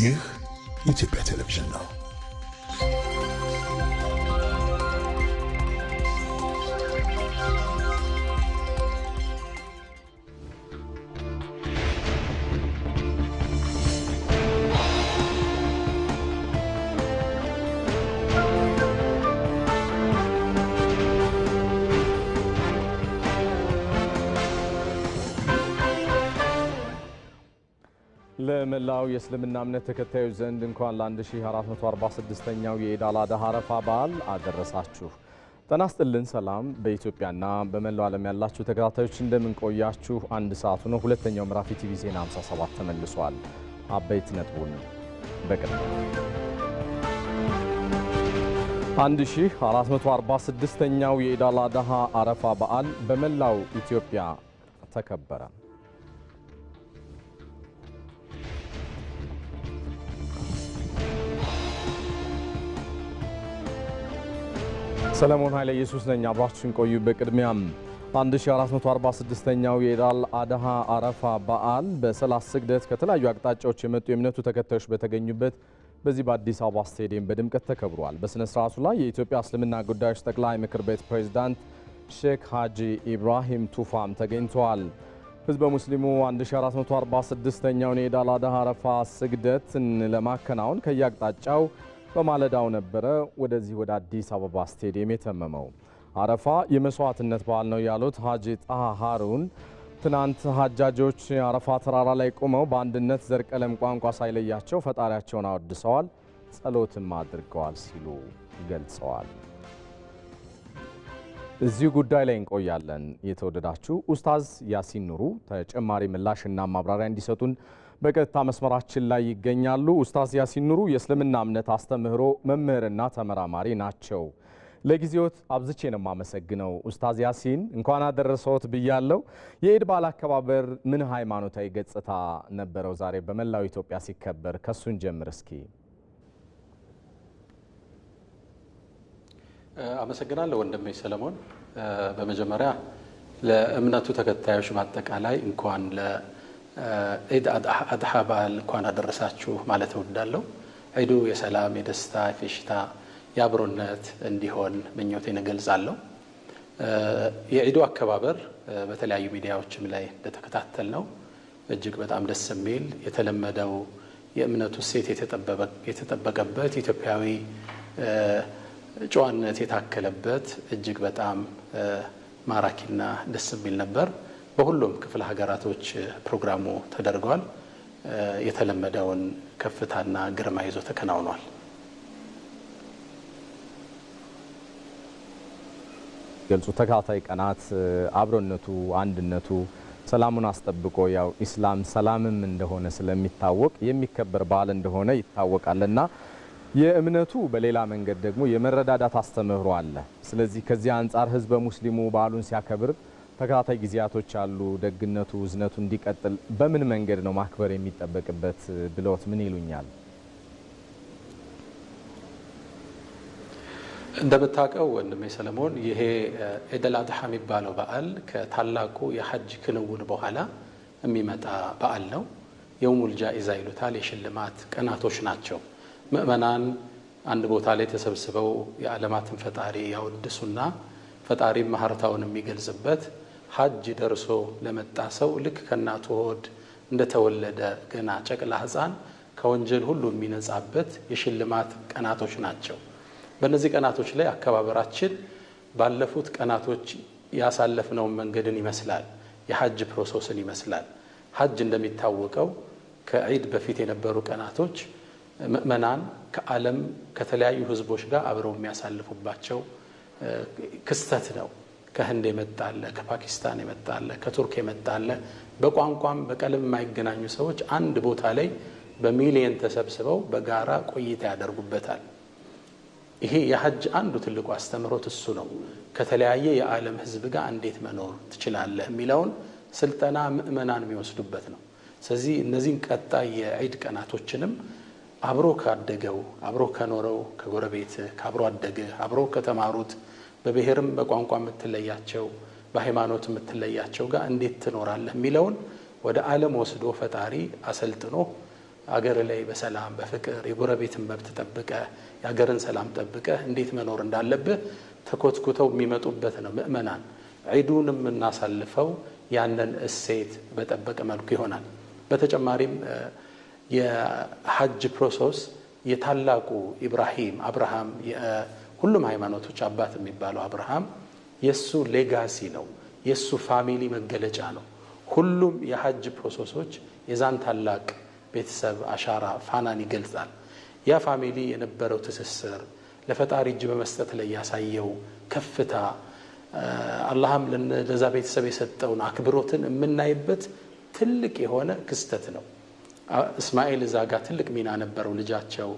ይህ የኢትዮጵያ ቴሌቪዥን ነው። ለመላው የእስልምና እምነት ተከታዮች ዘንድ እንኳን ለ1446ኛው የኢድ አል አድሃ አረፋ በዓል አደረሳችሁ። ጤና ይስጥልን። ሰላም በኢትዮጵያና በመላው ዓለም ያላችሁ ተከታታዮች እንደምንቆያችሁ። አንድ ሰዓት ነው። ሁለተኛው ምዕራፍ ቲቪ ዜና 57 ተመልሷል። አበይት ነጥቡን በቅድሚያ 1446ኛው የኢድ አል አድሃ አረፋ በዓል በመላው ኢትዮጵያ ተከበረ። ሰለሞን ኃይለ ኢየሱስ ነኝ። አብራችሁን ቆዩ። በቅድሚያም 1446ኛው የኢዳል አድሃ አረፋ በዓል በሰላት ስግደት ከተለያዩ አቅጣጫዎች የመጡ የእምነቱ ተከታዮች በተገኙበት በዚህ በአዲስ አበባ ስቴዲየም በድምቀት ተከብሯል። በሥነ ሥርዓቱ ላይ የኢትዮጵያ እስልምና ጉዳዮች ጠቅላይ ምክር ቤት ፕሬዝዳንት ሼክ ሀጂ ኢብራሂም ቱፋም ተገኝተዋል። ህዝበ ሙስሊሙ 1446ኛውን የኢዳል አድሃ አረፋ ስግደትን ለማከናወን ከየአቅጣጫው በማለዳው ነበረ ወደዚህ ወደ አዲስ አበባ ስቴዲየም የተመመው። አረፋ የመስዋዕትነት በዓል ነው ያሉት ሀጂ ጣሃ ሀሩን ትናንት ሀጃጆች አረፋ ተራራ ላይ ቆመው በአንድነት ዘር፣ ቀለም፣ ቋንቋ ሳይለያቸው ፈጣሪያቸውን አወድሰዋል፣ ጸሎትም አድርገዋል ሲሉ ገልጸዋል። እዚሁ ጉዳይ ላይ እንቆያለን። የተወደዳችሁ ኡስታዝ ያሲን ኑሩ ተጨማሪ ምላሽና ማብራሪያ እንዲሰጡን በቀጥታ መስመራችን ላይ ይገኛሉ። ኡስታዝ ያሲን ኑሩ የእስልምና እምነት አስተምህሮ መምህርና ተመራማሪ ናቸው። ለጊዜዎት አብዝቼ ነው የማመሰግነው። ኡስታዝ ያሲን እንኳን አደረሰዎት ብያለው። የኢድ በዓል አከባበር ምን ሃይማኖታዊ ገጽታ ነበረው? ዛሬ በመላው ኢትዮጵያ ሲከበር ከሱን ጀምር እስኪ። አመሰግናለሁ ወንድሜ ሰለሞን። በመጀመሪያ ለእምነቱ ተከታዮች በአጠቃላይ እንኳን ኢድ አድሓ በዓል እንኳን አደረሳችሁ ማለት እወዳለሁ። ዒዱ የሰላም የደስታ የፌሽታ የአብሮነት እንዲሆን ምኞቴን እገልጻለሁ። የዒዱ አከባበር በተለያዩ ሚዲያዎችም ላይ እንደተከታተል ነው እጅግ በጣም ደስ የሚል የተለመደው የእምነቱ ሴት የተጠበቀበት ኢትዮጵያዊ ጨዋነት የታከለበት እጅግ በጣም ማራኪና ደስ የሚል ነበር። በሁሉም ክፍለ ሀገራቶች ፕሮግራሙ ተደርጓል። የተለመደውን ከፍታና ግርማ ይዞ ተከናውኗል። ገልጹ ተከታታይ ቀናት አብሮነቱ፣ አንድነቱ ሰላሙን አስጠብቆ ያው ኢስላም ሰላምም እንደሆነ ስለሚታወቅ የሚከበር በዓል እንደሆነ ይታወቃልና የእምነቱ በሌላ መንገድ ደግሞ የመረዳዳት አስተምህሮ አለ። ስለዚህ ከዚህ አንጻር ህዝበ ሙስሊሙ በዓሉን ሲያከብር ተከታታይ ጊዜያቶች አሉ። ደግነቱ እዝነቱ እንዲቀጥል በምን መንገድ ነው ማክበር የሚጠበቅበት ብለዎት ምን ይሉኛል? እንደምታውቀው ወንድሜ ሰለሞን ይሄ ኢደል አድሓ የሚባለው በዓል ከታላቁ የሐጅ ክንውን በኋላ የሚመጣ በዓል ነው። የውሙል ጃኢዛ ይሉታል። የሽልማት ቀናቶች ናቸው። ምእመናን አንድ ቦታ ላይ ተሰብስበው የዓለማትን ፈጣሪ ያወድሱና ፈጣሪ መሀርታውን የሚገልጽበት ሀጅ ደርሶ ለመጣ ሰው ልክ ከእናቱ ሆድ እንደተወለደ ገና ጨቅላ ህፃን ከወንጀል ሁሉ የሚነጻበት የሽልማት ቀናቶች ናቸው። በእነዚህ ቀናቶች ላይ አከባበራችን ባለፉት ቀናቶች ያሳለፍነውን መንገድን ይመስላል። የሀጅ ፕሮሰስን ይመስላል። ሀጅ እንደሚታወቀው ከዒድ በፊት የነበሩ ቀናቶች ምእመናን ከዓለም ከተለያዩ ህዝቦች ጋር አብረው የሚያሳልፉባቸው ክስተት ነው። ከህንድ የመጣለ ከፓኪስታን የመጣለ ከቱርክ የመጣለ በቋንቋም በቀለም የማይገናኙ ሰዎች አንድ ቦታ ላይ በሚሊየን ተሰብስበው በጋራ ቆይታ ያደርጉበታል። ይሄ የሀጅ አንዱ ትልቁ አስተምሮት እሱ ነው። ከተለያየ የዓለም ህዝብ ጋር እንዴት መኖር ትችላለህ የሚለውን ስልጠና ምእመናን የሚወስዱበት ነው። ስለዚህ እነዚህን ቀጣይ የዒድ ቀናቶችንም አብሮ ካደገው አብሮ ከኖረው ከጎረቤት ከአብሮ አደገ አብሮ ከተማሩት በብሔርም በቋንቋ የምትለያቸው በሃይማኖት የምትለያቸው ጋር እንዴት ትኖራለህ የሚለውን ወደ ዓለም ወስዶ ፈጣሪ አሰልጥኖ አገር ላይ በሰላም በፍቅር የጎረቤትን መብት ጠብቀ የአገርን ሰላም ጠብቀ እንዴት መኖር እንዳለብህ ተኮትኩተው የሚመጡበት ነው። ምእመናን ዒዱን የምናሳልፈው ያንን እሴት በጠበቀ መልኩ ይሆናል። በተጨማሪም የሐጅ ፕሮሰስ የታላቁ ኢብራሂም አብርሃም ሁሉም ሃይማኖቶች አባት የሚባለው አብርሃም የእሱ ሌጋሲ ነው፣ የእሱ ፋሚሊ መገለጫ ነው። ሁሉም የሀጅ ፕሮሰሶች የዛን ታላቅ ቤተሰብ አሻራ ፋናን ይገልጻል። ያ ፋሚሊ የነበረው ትስስር ለፈጣሪ እጅ በመስጠት ላይ ያሳየው ከፍታ አላህም ለዛ ቤተሰብ የሰጠውን አክብሮትን የምናይበት ትልቅ የሆነ ክስተት ነው። እስማኤል እዛ ጋር ትልቅ ሚና ነበረው ልጃቸው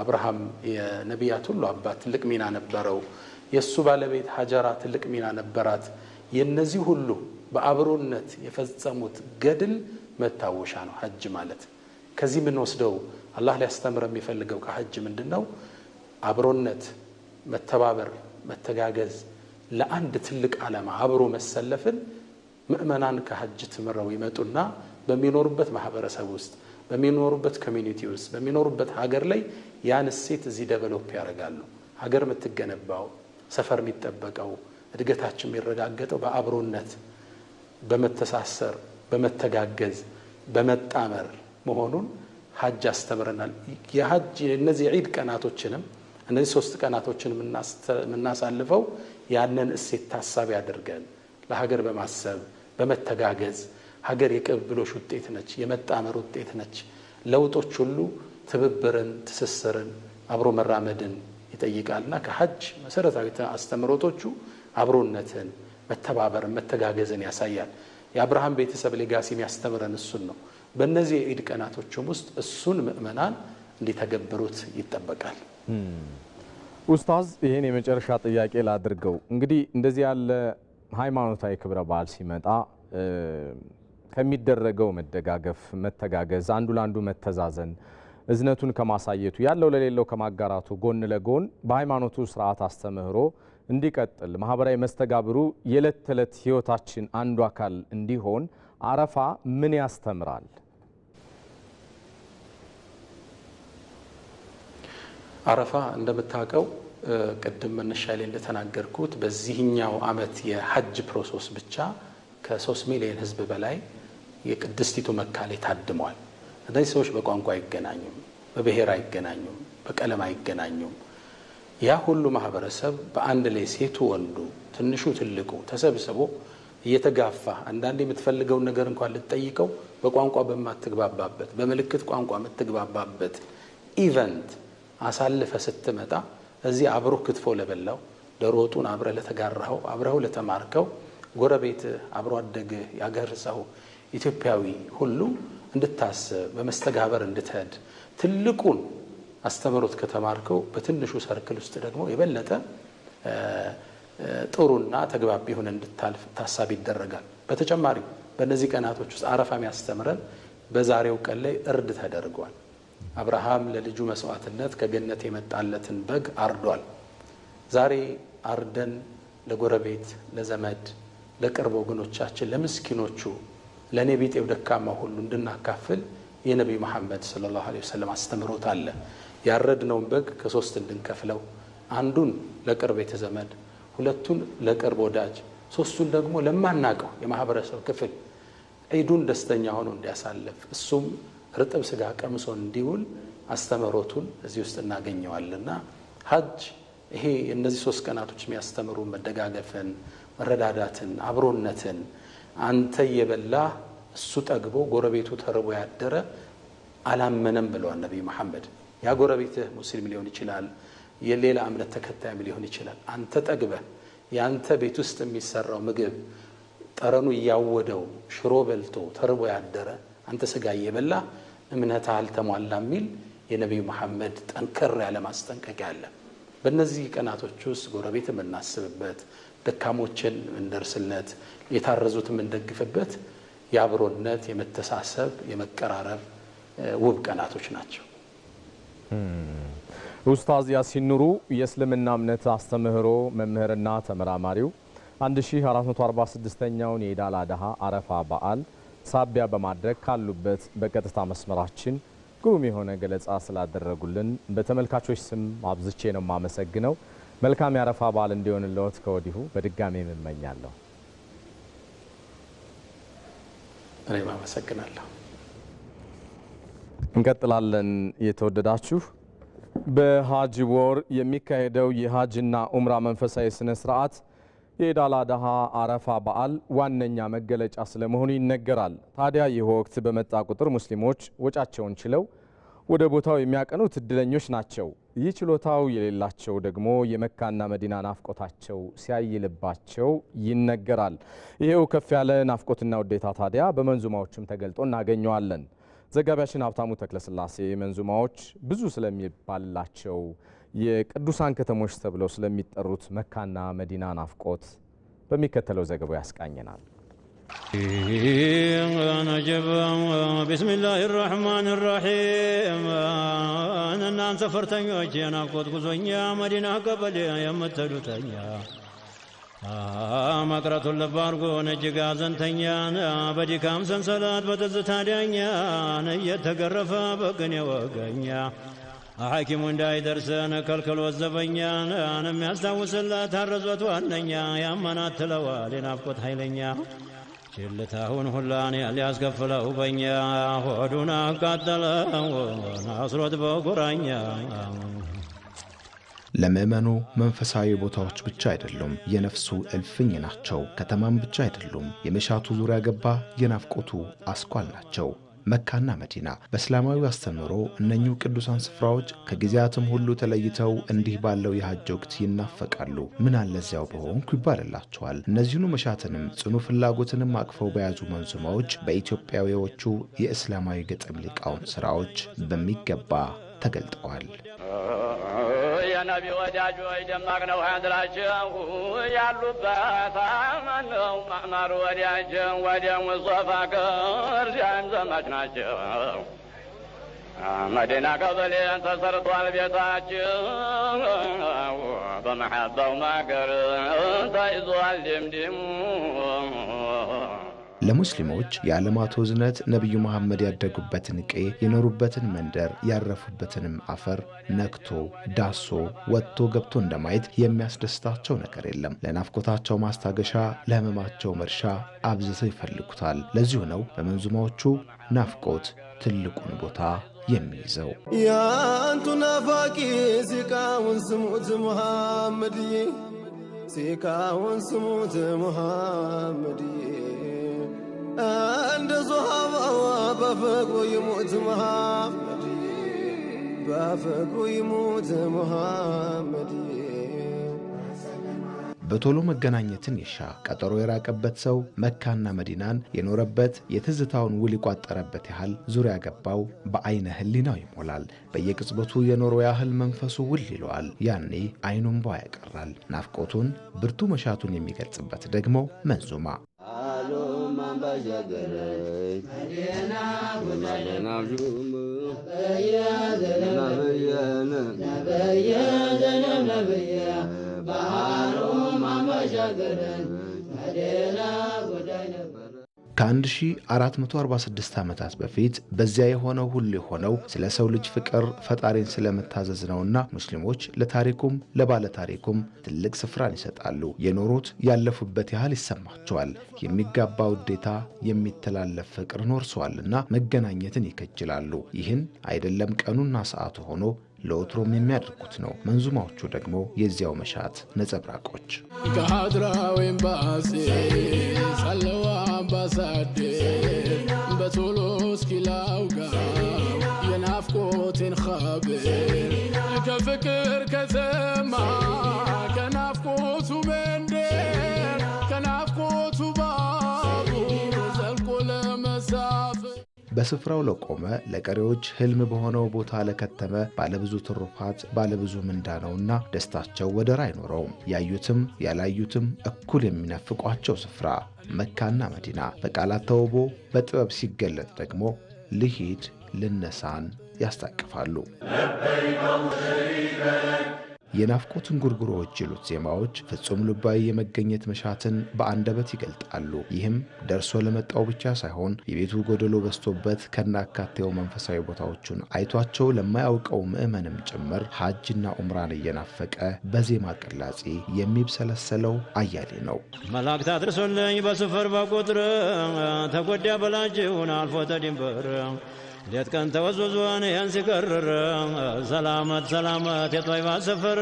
አብርሃም የነቢያት ሁሉ አባት ትልቅ ሚና ነበረው። የእሱ ባለቤት ሀጀራ ትልቅ ሚና ነበራት። የነዚህ ሁሉ በአብሮነት የፈጸሙት ገድል መታወሻ ነው ሀጅ ማለት። ከዚህ የምንወስደው አላህ ሊያስተምረ የሚፈልገው ከሀጅ ምንድን ነው? አብሮነት፣ መተባበር፣ መተጋገዝ ለአንድ ትልቅ ዓላማ አብሮ መሰለፍን ምእመናን ከሀጅ ትምረው ይመጡና በሚኖሩበት ማህበረሰብ ውስጥ በሚኖሩበት ኮሚኒቲ ውስጥ በሚኖሩበት ሀገር ላይ ያን እሴት እዚህ ደቨሎፕ ያደርጋሉ። ሀገር የምትገነባው ሰፈር የሚጠበቀው እድገታችን የሚረጋገጠው በአብሮነት፣ በመተሳሰር፣ በመተጋገዝ፣ በመጣመር መሆኑን ሀጅ አስተምረናል። የሀጅ እነዚህ የዒድ ቀናቶችንም እነዚህ ሶስት ቀናቶችን የምናሳልፈው ያንን እሴት ታሳቢ አድርገን ለሀገር በማሰብ በመተጋገዝ ሀገር የቅብብሎሽ ውጤት ነች፣ የመጣመር ውጤት ነች። ለውጦች ሁሉ ትብብርን፣ ትስስርን፣ አብሮ መራመድን ይጠይቃልና ከሀጅ መሰረታዊ አስተምሮቶቹ አብሮነትን፣ መተባበርን፣ መተጋገዝን ያሳያል። የአብርሃም ቤተሰብ ሌጋሲ የሚያስተምረን እሱን ነው። በእነዚህ የኢድ ቀናቶችም ውስጥ እሱን ምእመናን እንዲተገብሩት ይጠበቃል። ኡስታዝ ይህን የመጨረሻ ጥያቄ ላድርገው። እንግዲህ እንደዚህ ያለ ሃይማኖታዊ ክብረ በዓል ሲመጣ ከሚደረገው መደጋገፍ፣ መተጋገዝ፣ አንዱ ለአንዱ መተዛዘን እዝነቱን ከማሳየቱ ያለው ለሌለው ከማጋራቱ ጎን ለጎን በሃይማኖቱ ስርዓት አስተምህሮ እንዲቀጥል ማህበራዊ መስተጋብሩ የዕለት ተዕለት ህይወታችን አንዱ አካል እንዲሆን አረፋ ምን ያስተምራል? አረፋ እንደምታውቀው ቅድም መነሻ ላይ እንደተናገርኩት በዚህኛው ዓመት የሀጅ ፕሮሰስ ብቻ ከሶስት ሚሊዮን ህዝብ በላይ የቅድስቲቱ መካሌ ታድሟል እነዚህ ሰዎች በቋንቋ አይገናኙም፣ በብሔር አይገናኙም፣ በቀለም አይገናኙም። ያ ሁሉ ማህበረሰብ በአንድ ላይ ሴቱ፣ ወንዱ፣ ትንሹ፣ ትልቁ ተሰብስቦ እየተጋፋ አንዳንድ የምትፈልገውን ነገር እንኳን ልትጠይቀው በቋንቋ በማትግባባበት በምልክት ቋንቋ የምትግባባበት ኢቨንት አሳልፈ ስትመጣ እዚህ አብሮ ክትፎ ለበላው ደሮጡን አብረ ለተጋራኸው አብረው ለተማርከው ጎረቤት አብሮ አደግህ ያገር ሰው ኢትዮጵያዊ ሁሉ እንድታስብ በመስተጋበር እንድትሄድ ትልቁን አስተምሮት ከተማርከው በትንሹ ሰርክል ውስጥ ደግሞ የበለጠ ጥሩና ተግባቢ ሆነ እንድታልፍ ታሳቢ ይደረጋል። በተጨማሪ በእነዚህ ቀናቶች ውስጥ አረፋ የሚያስተምረን በዛሬው ቀን ላይ እርድ ተደርጓል። አብርሃም ለልጁ መስዋዕትነት ከገነት የመጣለትን በግ አርዷል። ዛሬ አርደን ለጎረቤት፣ ለዘመድ፣ ለቅርብ ወገኖቻችን፣ ለምስኪኖቹ ለእኔ ቢጤው ደካማ ሁሉ እንድናካፍል የነቢይ መሐመድ ላሁ ለ ሰለም አስተምሮት አለ። ያረድነውን በግ ከሶስት እንድንከፍለው፣ አንዱን ለቅርብ ቤተዘመድ፣ ሁለቱን ለቅርብ ወዳጅ፣ ሶስቱን ደግሞ ለማናቀው የማህበረሰብ ክፍል ዒዱን ደስተኛ ሆኖ እንዲያሳልፍ እሱም ርጥብ ስጋ ቀምሶ እንዲውል አስተምሮቱን እዚህ ውስጥ እናገኘዋልና ሀጅ ይሄ እነዚህ ሶስት ቀናቶች የሚያስተምሩ መደጋገፍን፣ መረዳዳትን፣ አብሮነትን አንተ እየበላ እሱ ጠግቦ ጎረቤቱ ተርቦ ያደረ አላመነም ብለዋል ነቢይ መሐመድ። ያ ጎረቤትህ ሙስሊም ሊሆን ይችላል፣ የሌላ እምነት ተከታይም ሊሆን ይችላል። አንተ ጠግበህ የአንተ ቤት ውስጥ የሚሰራው ምግብ ጠረኑ እያወደው ሽሮ በልቶ ተርቦ ያደረ አንተ ስጋ እየበላ እምነት አልተሟላ የሚል የነቢዩ መሐመድ ጠንከር ያለ ማስጠንቀቂያ አለ። በእነዚህ ቀናቶች ውስጥ ጎረቤት የምናስብበት ደካሞችን እንደርስለት፣ የታረዙትን የምንደግፍበት የአብሮነት፣ የመተሳሰብ፣ የመቀራረብ ውብ ቀናቶች ናቸው። ኡስታዝ ያሲን ኑሩ የእስልምና እምነት አስተምህሮ መምህርና ተመራማሪው 1446ኛውን የኢድ አል አድሃ አረፋ በዓል ሳቢያ በማድረግ ካሉበት በቀጥታ መስመራችን ግሩም የሆነ ገለጻ ስላደረጉልን በተመልካቾች ስም አብዝቼ ነው የማመሰግነው። መልካም ያረፋ በዓል እንዲሆንልዎት ከወዲሁ በድጋሚ የምመኛለሁ። እኔም አመሰግናለሁ። እንቀጥላለን። የተወደዳችሁ በሀጅ ወር የሚካሄደው የሀጅና ኡምራ መንፈሳዊ ስነ ስርዓት የኢዳል አድሃ አረፋ በዓል ዋነኛ መገለጫ ስለመሆኑ ይነገራል። ታዲያ ይህ ወቅት በመጣ ቁጥር ሙስሊሞች ወጫቸውን ችለው ወደ ቦታው የሚያቀኑት እድለኞች ናቸው። ይህ ችሎታው የሌላቸው ደግሞ የመካና መዲና ናፍቆታቸው ሲያይልባቸው ይነገራል። ይሄው ከፍ ያለ ናፍቆትና ውዴታ ታዲያ በመንዙማዎችም ተገልጦ እናገኘዋለን። ዘጋቢያችን ሀብታሙ ተክለስላሴ መንዙማዎች ብዙ ስለሚባልላቸው የቅዱሳን ከተሞች ተብለው ስለሚጠሩት መካና መዲና ናፍቆት በሚከተለው ዘገባው ያስቃኘናል። ነጀብ ቢስሚላህ ራህማን ራሂም እናንተ ፈርተኞች የናፍቆት ጉዞኛ መዲና ቀበሌ የምትሉተኛ መቅረቱን ልብ አድርጎን እጅግ አዘንተኛን በድካም ሰንሰለት በትዝታ ዳኛን እየተገረፈ በቅኔ ወገኛ ሐኪሙ እንዳይደርሰን ከልክሎ ዘበኛን የሚያስታውስለት ታረዞት ዋነኛ ያመናትለዋል የናፍቆት ኃይለኛ ችልታ ሁን ሁላን ሊያስከፍለው በኛ ሆዱን አቃጠለው አስሮት በጉራኛ ለምእመኑ መንፈሳዊ ቦታዎች ብቻ አይደሉም፣ የነፍሱ እልፍኝ ናቸው። ከተማም ብቻ አይደሉም፣ የመሻቱ ዙሪያ ገባ የናፍቆቱ አስኳል ናቸው። መካና መዲና በእስላማዊ አስተምህሮ እነኚሁ ቅዱሳን ስፍራዎች ከጊዜያትም ሁሉ ተለይተው እንዲህ ባለው የሐጅ ወቅት ይናፈቃሉ። ምን አለዚያው በሆንኩ ይባልላቸዋል። እነዚህኑ መሻትንም ጽኑ ፍላጎትንም አቅፈው በያዙ መንዙማዎች በኢትዮጵያዊዎቹ የእስላማዊ ግጥም ሊቃውንት ስራዎች በሚገባ ተገልጠዋል። የነቢ ወዳጆች ደማቅ ነው ሀድራቸው ያሉበት ማነው ማዕማር ወዳጅን ወደ ሙስጠፋ ክርስቲያን ዘመድ ናቸው። መዲና ቀበሌ ተሰርቷል ቤታችን በመሐባው ማገር ተይዟል ድምድሙ ለሙስሊሞች የዓለማቱ ዝነት ነቢዩ መሐመድ ያደጉበትን ቄ የኖሩበትን መንደር ያረፉበትንም አፈር ነክቶ ዳሶ ወጥቶ ገብቶ እንደማየት የሚያስደስታቸው ነገር የለም። ለናፍቆታቸው ማስታገሻ፣ ለህመማቸው መርሻ አብዝተው ይፈልጉታል። ለዚሁ ነው በመንዙማዎቹ ናፍቆት ትልቁን ቦታ የሚይዘው። ያንቱ ናፋቂ ሲቃውን ስሙት መሐመድዬ፣ ሲቃውን ስሙት መሐመድዬ እንደ በፍቅሩ ይሙት መሐመድ በፍቅሩ ይሙት መሐመድ። በቶሎ መገናኘትን ይሻ ቀጠሮ የራቀበት ሰው መካና መዲናን የኖረበት የትዝታውን ውል ይቋጠረበት ያህል ዙሪያ ገባው በአይነ ህሊናው ይሞላል። በየቅጽበቱ የኖሮ ያህል መንፈሱ ውል ይለዋል። ያኔ አይኑም ቧ ያቀራል። ናፍቆቱን ብርቱ መሻቱን የሚገልጽበት ደግሞ መንዙማ መዲና ከ1446 ዓመታት በፊት በዚያ የሆነው ሁሉ የሆነው ስለ ሰው ልጅ ፍቅር ፈጣሪን ስለመታዘዝ ነውና ሙስሊሞች ለታሪኩም ለባለ ታሪኩም ትልቅ ስፍራን ይሰጣሉ። የኖሩት ያለፉበት ያህል ይሰማቸዋል። የሚጋባ ውዴታ፣ የሚተላለፍ ፍቅር ኖርሰዋልና መገናኘትን ይከጅላሉ። ይህን አይደለም ቀኑና ሰዓቱ ሆኖ ለወትሮም የሚያደርጉት ነው። መንዙማዎቹ ደግሞ የዚያው መሻት ነጸብራቆች ባሳድር በቶሎ እስኪ ላውጋ የናፍቆቴን ኸብር ከፍቅር ከዘ በስፍራው ለቆመ ለቀሪዎች ህልም በሆነው ቦታ ለከተመ ባለብዙ ትሩፋት ባለብዙ ምንዳ ነውና ደስታቸው ወደር አይኖረውም። ያዩትም ያላዩትም እኩል የሚነፍቋቸው ስፍራ መካና መዲና በቃላት ተውቦ በጥበብ ሲገለጥ ደግሞ ልሂድ ልነሳን ያስታቅፋሉ። የናፍቆት እንጉርጉሮዎች ይሉት ዜማዎች ፍጹም ልባዊ የመገኘት መሻትን በአንደበት ይገልጣሉ። ይህም ደርሶ ለመጣው ብቻ ሳይሆን የቤቱ ጎደሎ በስቶበት ከናካቴው መንፈሳዊ ቦታዎቹን አይቷቸው ለማያውቀው ምዕመንም ጭምር ሐጅና ኡምራን እየናፈቀ በዜማ ቅላጼ የሚብሰለሰለው አያሌ ነው። መላእክት አድርሶልኝ በስፍር በቁጥር ተጎዳ በላጅውን አልፎ ተድንበር ሌት ቀን ተወዙዙን ይህን ሲከርር ሰላመት ሰላመት የጦይባ ስፍር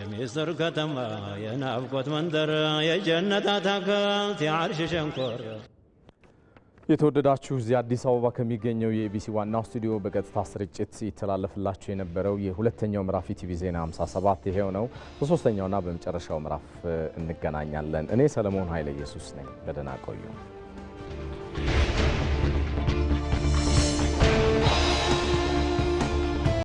የሚስጥር ከተማ የናፍቆት መንደር የጀነት አታክልት የአርሽ ሸንኮር። የተወደዳችሁ እዚህ አዲስ አበባ ከሚገኘው የኢቢሲ ዋናው ስቱዲዮ በቀጥታ ስርጭት ይተላለፍላችሁ የነበረው የሁለተኛው ምዕራፍ ኢቲቪ ዜና 57 ይሄው ነው። በሶስተኛውና በመጨረሻው ምዕራፍ እንገናኛለን። እኔ ሰለሞን ኃይለ ኢየሱስ ነኝ። በደህና ቆዩ።